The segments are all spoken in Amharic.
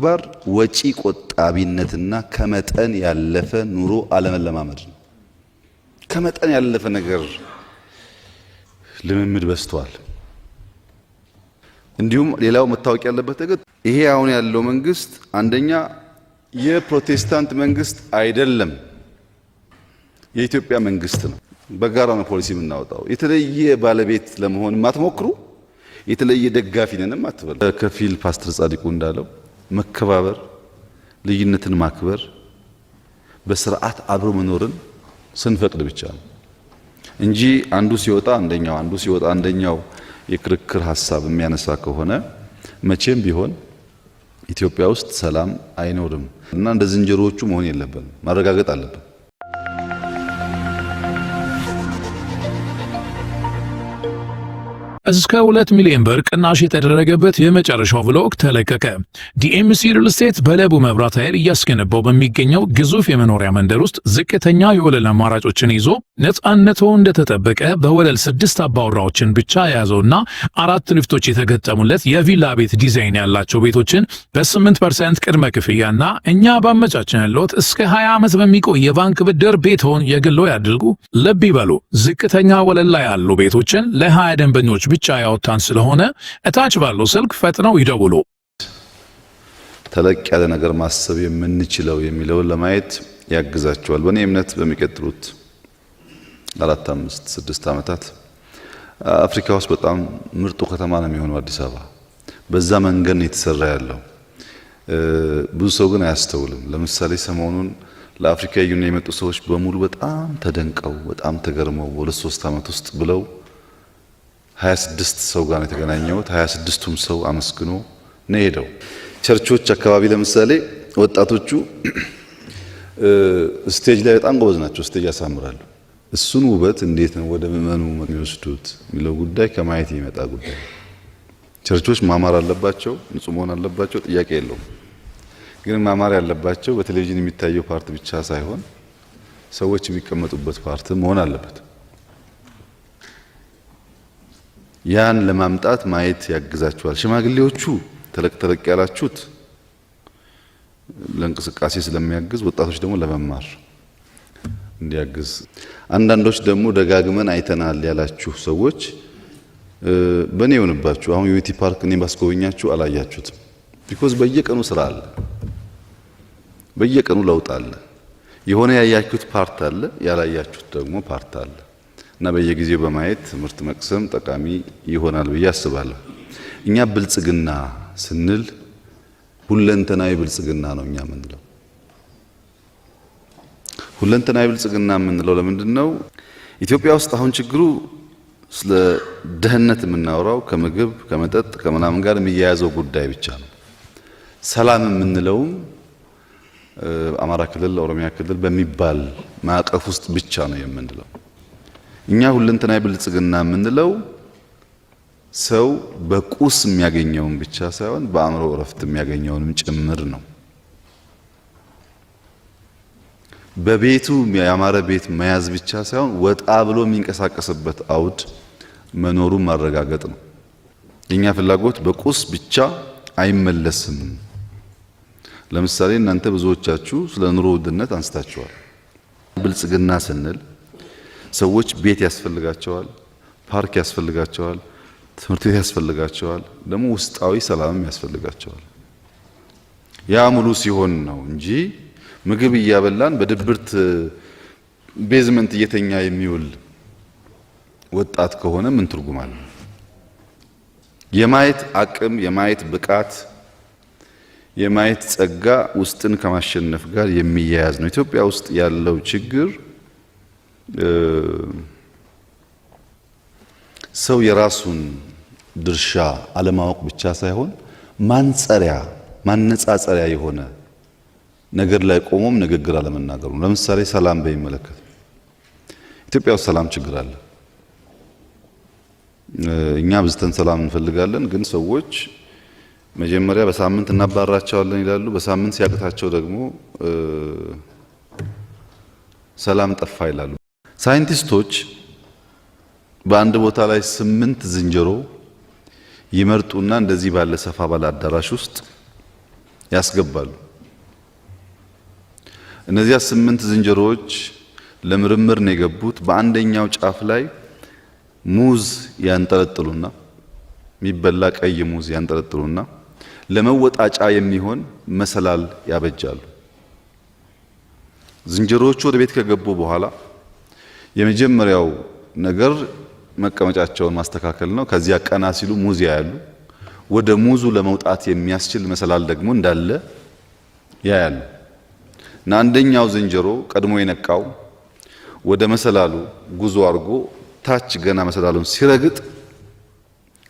ተግባር ወጪ ቆጣቢነትና ከመጠን ያለፈ ኑሮ አለመለማመድ ነው። ከመጠን ያለፈ ነገር ልምምድ በስተዋል። እንዲሁም ሌላው መታወቅ ያለበት ነገር ይሄ አሁን ያለው መንግስት አንደኛ የፕሮቴስታንት መንግስት አይደለም፣ የኢትዮጵያ መንግስት ነው። በጋራ ነው ፖሊሲ የምናወጣው። የተለየ ባለቤት ለመሆን ማትሞክሩ፣ የተለየ ደጋፊ ነንም አትበል። ከፊል ፓስተር ጻድቁ እንዳለው መከባበር፣ ልዩነትን ማክበር፣ በስርዓት አብሮ መኖርን ስንፈቅድ ብቻ ነው እንጂ አንዱ ሲወጣ አንደኛው አንዱ ሲወጣ አንደኛው የክርክር ሀሳብ የሚያነሳ ከሆነ መቼም ቢሆን ኢትዮጵያ ውስጥ ሰላም አይኖርም እና እንደ ዝንጀሮዎቹ መሆን የለብንም። ማረጋገጥ አለብን። እስከ 2 ሚሊዮን ብር ቅናሽ የተደረገበት የመጨረሻው ብሎክ ተለቀቀ። ዲኤምሲ ሪል ስቴት በለቡ መብራት ኃይል እያስገነባው በሚገኘው ግዙፍ የመኖሪያ መንደር ውስጥ ዝቅተኛ የወለል አማራጮችን ይዞ ነፃነቱ እንደተጠበቀ በወለል ስድስት አባወራዎችን ብቻ የያዘውና አራት ሊፍቶች የተገጠሙለት የቪላ ቤት ዲዛይን ያላቸው ቤቶችን በ8 ፐርሰንት ቅድመ ክፍያና እኛ ባመቻችን ያለዎት እስከ 20 ዓመት በሚቆይ የባንክ ብድር ቤትዎን የግሎ ያድርጉ። ልብ ይበሉ፣ ዝቅተኛ ወለል ላይ ያሉ ቤቶችን ለ20 ደንበኞች ብቻ ያወጣን ስለሆነ እታች ባለው ስልክ ፈጥነው ይደውሉ። ተለቅ ያለ ነገር ማሰብ የምንችለው የሚለውን ለማየት ያግዛቸዋል። በእኔ እምነት በሚቀጥሉት አራት፣ አምስት፣ ስድስት ዓመታት አፍሪካ ውስጥ በጣም ምርጡ ከተማ ነው የሚሆነው አዲስ አበባ። በዛ መንገድ ነው የተሰራ ያለው። ብዙ ሰው ግን አያስተውልም። ለምሳሌ ሰሞኑን ለአፍሪካ ዩኒየን የመጡ ሰዎች በሙሉ በጣም ተደንቀው በጣም ተገርመው ሁለት ሶስት ዓመት ውስጥ ብለው 26 ሰው ጋር ነው የተገናኘሁት። 26ቱም ሰው አመስግኖ ነው ሄደው። ቸርቾች አካባቢ ለምሳሌ ወጣቶቹ ስቴጅ ላይ በጣም ጎበዝ ናቸው። ስቴጅ ያሳምራሉ። እሱን ውበት እንዴት ነው ወደ ምእመኑ የሚወስዱት የሚለው ጉዳይ ከማየት የሚመጣ ጉዳይ። ቸርቾች ማማር አለባቸው፣ ንጹህ መሆን አለባቸው፣ ጥያቄ የለውም። ግን ማማር ያለባቸው በቴሌቪዥን የሚታየው ፓርት ብቻ ሳይሆን ሰዎች የሚቀመጡበት ፓርት መሆን አለበት። ያን ለማምጣት ማየት ያግዛችኋል። ሽማግሌዎቹ ተለቅ ተለቅ ያላችሁት ለእንቅስቃሴ ስለሚያግዝ፣ ወጣቶች ደግሞ ለመማር እንዲያግዝ፣ አንዳንዶች ደግሞ ደጋግመን አይተናል ያላችሁ ሰዎች በእኔ የሆንባችሁ አሁን ዩቲ ፓርክ እኔ ባስጎበኛችሁ አላያችሁትም። ቢኮዝ በየቀኑ ስራ አለ፣ በየቀኑ ለውጥ አለ። የሆነ ያያችሁት ፓርት አለ፣ ያላያችሁት ደግሞ ፓርት አለ። እና በየጊዜው በማየት ትምህርት መቅሰም ጠቃሚ ይሆናል ብዬ አስባለሁ። እኛ ብልጽግና ስንል ሁለንተናዊ ብልጽግና ነው እኛ የምንለው። ሁለንተናዊ ብልጽግና የምንለው ለምንድን ነው? ኢትዮጵያ ውስጥ አሁን ችግሩ ስለ ደህንነት የምናወራው ከምግብ ከመጠጥ ከምናምን ጋር የሚያያዘው ጉዳይ ብቻ ነው። ሰላም የምንለውም አማራ ክልል፣ ኦሮሚያ ክልል በሚባል ማዕቀፍ ውስጥ ብቻ ነው የምንለው። እኛ ሁለንተናዊ ብልጽግና የምንለው ሰው በቁስ የሚያገኘውን ብቻ ሳይሆን በአእምሮ እረፍት የሚያገኘውንም ጭምር ነው። በቤቱ ያማረ ቤት መያዝ ብቻ ሳይሆን ወጣ ብሎ የሚንቀሳቀስበት አውድ መኖሩን ማረጋገጥ ነው። የእኛ ፍላጎት በቁስ ብቻ አይመለስም። ለምሳሌ እናንተ ብዙዎቻችሁ ስለ ኑሮ ውድነት አንስታችኋል። ብልጽግና ስንል ሰዎች ቤት ያስፈልጋቸዋል፣ ፓርክ ያስፈልጋቸዋል፣ ትምህርት ቤት ያስፈልጋቸዋል፣ ደግሞ ውስጣዊ ሰላምም ያስፈልጋቸዋል። ያ ሙሉ ሲሆን ነው እንጂ ምግብ እያበላን በድብርት ቤዝመንት እየተኛ የሚውል ወጣት ከሆነ ምን ትርጉም አለ? የማየት አቅም፣ የማየት ብቃት፣ የማየት ጸጋ ውስጥን ከማሸነፍ ጋር የሚያያዝ ነው። ኢትዮጵያ ውስጥ ያለው ችግር ሰው የራሱን ድርሻ አለማወቅ ብቻ ሳይሆን ማንጸሪያ ማነጻጸሪያ የሆነ ነገር ላይ ቆሞም ንግግር አለመናገሩ ነው። ለምሳሌ ሰላም በሚመለከት ኢትዮጵያ ውስጥ ሰላም ችግር አለ። እኛ ብዝተን ሰላም እንፈልጋለን፣ ግን ሰዎች መጀመሪያ በሳምንት እናባራቸዋለን ይላሉ። በሳምንት ሲያቅታቸው ደግሞ ሰላም ጠፋ ይላሉ። ሳይንቲስቶች በአንድ ቦታ ላይ ስምንት ዝንጀሮ ይመርጡና እንደዚህ ባለ ሰፋ ባለ አዳራሽ ውስጥ ያስገባሉ። እነዚያ ስምንት ዝንጀሮዎች ለምርምር ነው የገቡት። በአንደኛው ጫፍ ላይ ሙዝ ያንጠለጥሉና የሚበላ ቀይ ሙዝ ያንጠለጥሉና ለመወጣጫ የሚሆን መሰላል ያበጃሉ። ዝንጀሮዎቹ ወደ ቤት ከገቡ በኋላ የመጀመሪያው ነገር መቀመጫቸውን ማስተካከል ነው። ከዚያ ቀና ሲሉ ሙዝ ያያሉ። ወደ ሙዙ ለመውጣት የሚያስችል መሰላል ደግሞ እንዳለ ያያሉ እና አንደኛው ዝንጀሮ ቀድሞ የነቃው ወደ መሰላሉ ጉዞ አድርጎ ታች ገና መሰላሉን ሲረግጥ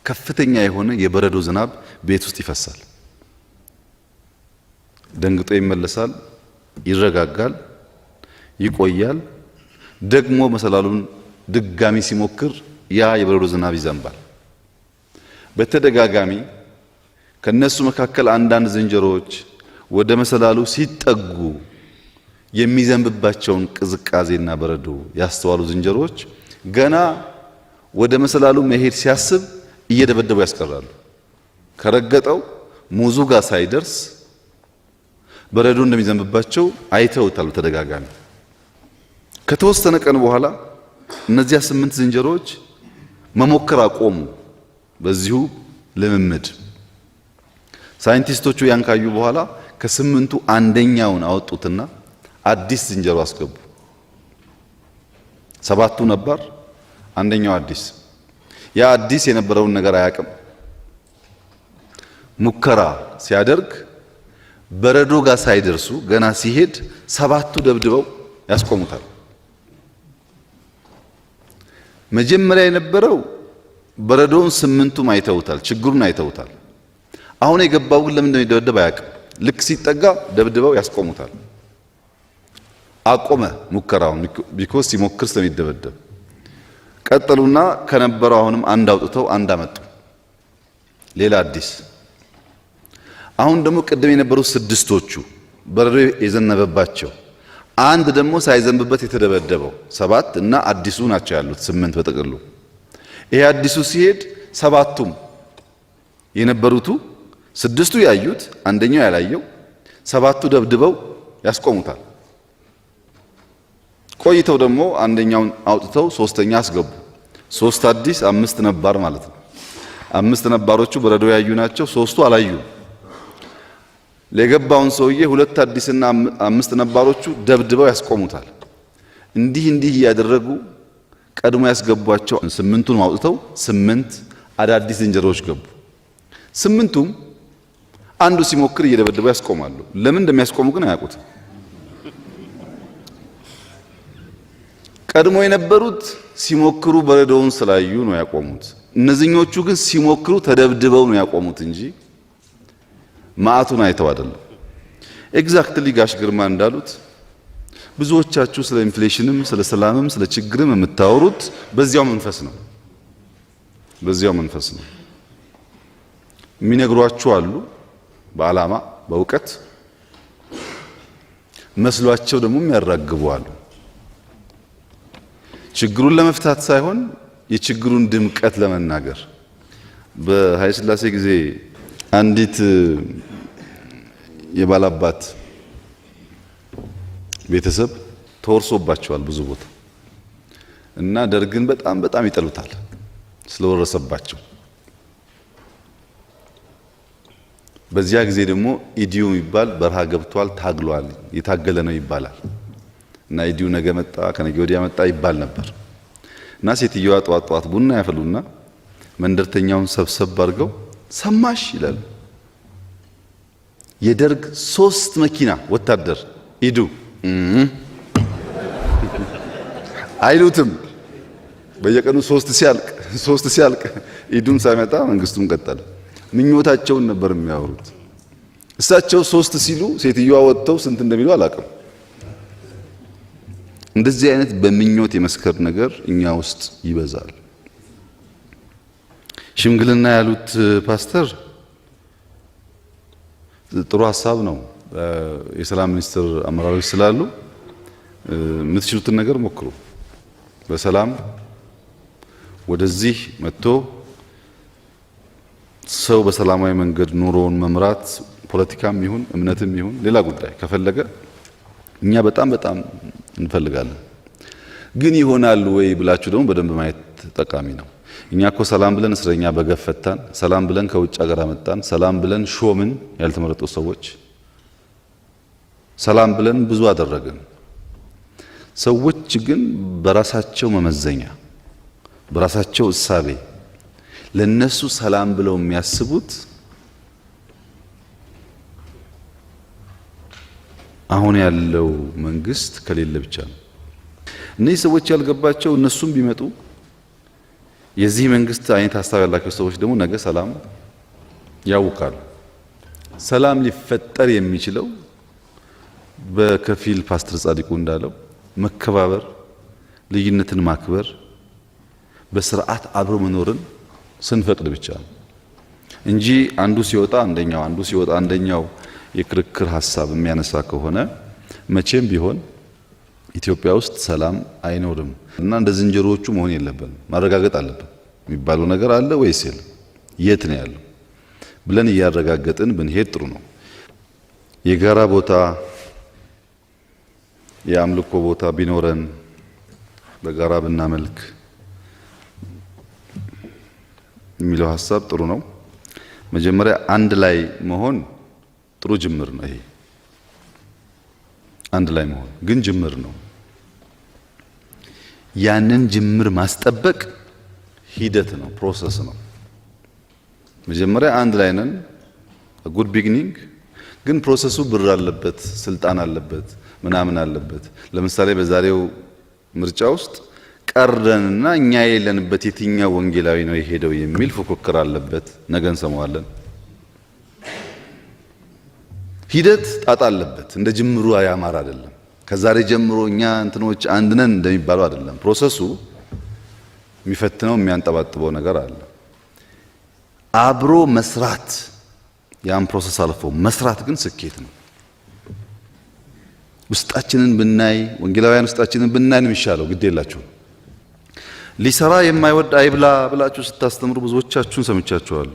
ከፍተኛ የሆነ የበረዶ ዝናብ ቤት ውስጥ ይፈሳል። ደንግጦ ይመለሳል፣ ይረጋጋል፣ ይቆያል። ደግሞ መሰላሉን ድጋሚ ሲሞክር ያ የበረዶ ዝናብ ይዘንባል። በተደጋጋሚ ከነሱ መካከል አንዳንድ ዝንጀሮዎች ወደ መሰላሉ ሲጠጉ የሚዘንብባቸውን ቅዝቃዜና በረዶ ያስተዋሉ ዝንጀሮዎች ገና ወደ መሰላሉ መሄድ ሲያስብ እየደበደቡ ያስቀራሉ። ከረገጠው ሙዙ ጋር ሳይደርስ በረዶ እንደሚዘንብባቸው አይተውታል በተደጋጋሚ። ከተወሰነ ቀን በኋላ እነዚያ ስምንት ዝንጀሮዎች መሞከር አቆሙ። በዚሁ ልምምድ ሳይንቲስቶቹ ያን ካዩ በኋላ ከስምንቱ አንደኛውን አወጡትና አዲስ ዝንጀሮ አስገቡ። ሰባቱ ነበር፣ አንደኛው አዲስ። ያ አዲስ የነበረውን ነገር አያውቅም። ሙከራ ሲያደርግ በረዶ ጋር ሳይደርሱ ገና ሲሄድ ሰባቱ ደብድበው ያስቆሙታል። መጀመሪያ የነበረው በረዶውን ስምንቱም አይተውታል፣ ችግሩን አይተውታል። አሁን የገባው ግን ለምንድነው እንደሚደበደብ አያውቅም። ልክ ሲጠጋ ደብድበው ያስቆሙታል። አቆመ ሙከራውን ቢኮስ ሲሞክር ስለሚደበደብ። ቀጠሉና ከነበረው አሁንም አንድ አውጥተው አንድ አመጡ፣ ሌላ አዲስ። አሁን ደግሞ ቅድም የነበሩ ስድስቶቹ በረዶ የዘነበባቸው አንድ ደግሞ ሳይዘንብበት የተደበደበው ሰባት እና አዲሱ ናቸው ያሉት ስምንት በጥቅሉ። ይሄ አዲሱ ሲሄድ ሰባቱም የነበሩቱ ስድስቱ ያዩት አንደኛው ያላየው ሰባቱ ደብድበው ያስቆሙታል። ቆይተው ደግሞ አንደኛውን አውጥተው ሶስተኛ አስገቡ። ሶስት አዲስ አምስት ነባር ማለት ነው። አምስት ነባሮቹ በረዶ ያዩ ናቸው። ሶስቱ አላዩም። ለገባውን ሰውዬ ሁለት አዲስና አምስት ነባሮቹ ደብድበው ያስቆሙታል። እንዲህ እንዲህ እያደረጉ ቀድሞ ያስገቧቸው ስምንቱን አውጥተው ስምንት አዳዲስ ዝንጀሮዎች ገቡ። ስምንቱም አንዱ ሲሞክር እየደበደበው ያስቆማሉ። ለምን እንደሚያስቆሙ ግን አያውቁትም። ቀድሞ የነበሩት ሲሞክሩ በረዶውን ስላዩ ነው ያቆሙት። እነዚህኞቹ ግን ሲሞክሩ ተደብድበው ነው ያቆሙት እንጂ ማዕቱን አይተው አይደለም። ኤግዛክትሊ ጋሽ ግርማ እንዳሉት ብዙዎቻችሁ ስለ ኢንፍሌሽንም ስለ ሰላምም ስለ ችግርም የምታወሩት በዚያው መንፈስ ነው። በዚያው መንፈስ ነው የሚነግሯችሁ አሉ በዓላማ በእውቀት መስሏቸው ደግሞ የሚያራግቡ አሉ። ችግሩን ለመፍታት ሳይሆን የችግሩን ድምቀት ለመናገር በኃይለ ሥላሴ ጊዜ አንዲት የባላባት ቤተሰብ ተወርሶባቸዋል ብዙ ቦታ እና ደርግን በጣም በጣም ይጠሉታል ስለወረሰባቸው። በዚያ ጊዜ ደግሞ ኢዲዩ የሚባል በረሃ ገብቷል፣ ታግሏል፣ የታገለ ነው ይባላል እና ኢዲዩ ነገ መጣ ከነገ ወዲያ መጣ ይባል ነበር እና ሴትዮዋ ጠዋት ጠዋት ቡና ያፈሉና መንደርተኛውን ሰብሰብ አድርገው ሰማሽ ይላሉ። የደርግ ሶስት መኪና ወታደር ሂዱ አይሉትም። በየቀኑ ሶስት ሲያልቅ ሶስት ሲያልቅ ኢዱም ሳይመጣ መንግስቱም ቀጠለ። ምኞታቸውን ነበር የሚያወሩት። እሳቸው ሶስት ሲሉ ሴትዮዋ ወጥተው ስንት እንደሚሉ አላውቅም። እንደዚህ አይነት በምኞት የመስከር ነገር እኛ ውስጥ ይበዛል። ሽምግልና ያሉት ፓስተር ጥሩ ሀሳብ ነው። የሰላም ሚኒስትር አመራሮች ስላሉ የምትችሉትን ነገር ሞክሩ። በሰላም ወደዚህ መጥቶ ሰው በሰላማዊ መንገድ ኑሮውን መምራት ፖለቲካም ይሁን እምነትም ይሁን ሌላ ጉዳይ ከፈለገ እኛ በጣም በጣም እንፈልጋለን። ግን ይሆናል ወይ ብላችሁ ደግሞ በደንብ ማየት ጠቃሚ ነው። እኛ እኮ ሰላም ብለን እስረኛ በገፈታን፣ ሰላም ብለን ከውጭ ሀገር አመጣን፣ ሰላም ብለን ሾምን ያልተመረጡ ሰዎች፣ ሰላም ብለን ብዙ አደረግን። ሰዎች ግን በራሳቸው መመዘኛ በራሳቸው እሳቤ ለነሱ ሰላም ብለው የሚያስቡት አሁን ያለው መንግስት ከሌለ ብቻ ነው። እነዚህ ሰዎች ያልገባቸው እነሱም ቢመጡ የዚህ መንግስት አይነት ሀሳብ ያላቸው ሰዎች ደግሞ ነገ ሰላም ያውካሉ። ሰላም ሊፈጠር የሚችለው በከፊል ፓስተር ጻድቁ እንዳለው መከባበር፣ ልዩነትን ማክበር፣ በስርዓት አብሮ መኖርን ስንፈቅድ ብቻ ነው እንጂ አንዱ ሲወጣ አንደኛው አንዱ ሲወጣ አንደኛው የክርክር ሀሳብ የሚያነሳ ከሆነ መቼም ቢሆን ኢትዮጵያ ውስጥ ሰላም አይኖርም። እና እንደ ዝንጀሮዎቹ መሆን የለብንም። ማረጋገጥ አለብን የሚባለው ነገር አለ ወይስ የለም? የት ነው ያለው ብለን እያረጋገጥን ብንሄድ ጥሩ ነው። የጋራ ቦታ የአምልኮ ቦታ ቢኖረን በጋራ ብናመልክ የሚለው ሀሳብ ጥሩ ነው። መጀመሪያ አንድ ላይ መሆን ጥሩ ጅምር ነው። ይሄ አንድ ላይ መሆን ግን ጅምር ነው። ያንን ጅምር ማስጠበቅ ሂደት ነው፣ ፕሮሰስ ነው። መጀመሪያ አንድ ላይ ነን፣ ጉድ ቢግኒንግ። ግን ፕሮሰሱ ብር አለበት፣ ስልጣን አለበት፣ ምናምን አለበት። ለምሳሌ በዛሬው ምርጫ ውስጥ ቀርደንና እኛ የለንበት የትኛው ወንጌላዊ ነው የሄደው የሚል ፉክክር አለበት። ነገ እንሰማዋለን። ሂደት ጣጣ አለበት። እንደ ጅምሩ ያማር አይደለም። ከዛሬ ጀምሮ እኛ እንትኖች አንድነን እንደሚባለው አይደለም። ፕሮሰሱ የሚፈትነው የሚያንጠባጥበው ነገር አለ። አብሮ መስራት ያን ፕሮሰስ አልፎ መስራት ግን ስኬት ነው። ውስጣችንን ብናይ ወንጌላውያን ውስጣችንን ብናይ ነው የሚሻለው። ግድ የላችሁ ሊሰራ የማይወድ አይብላ ብላችሁ ስታስተምሩ ብዙዎቻችሁን ሰምቻችኋል።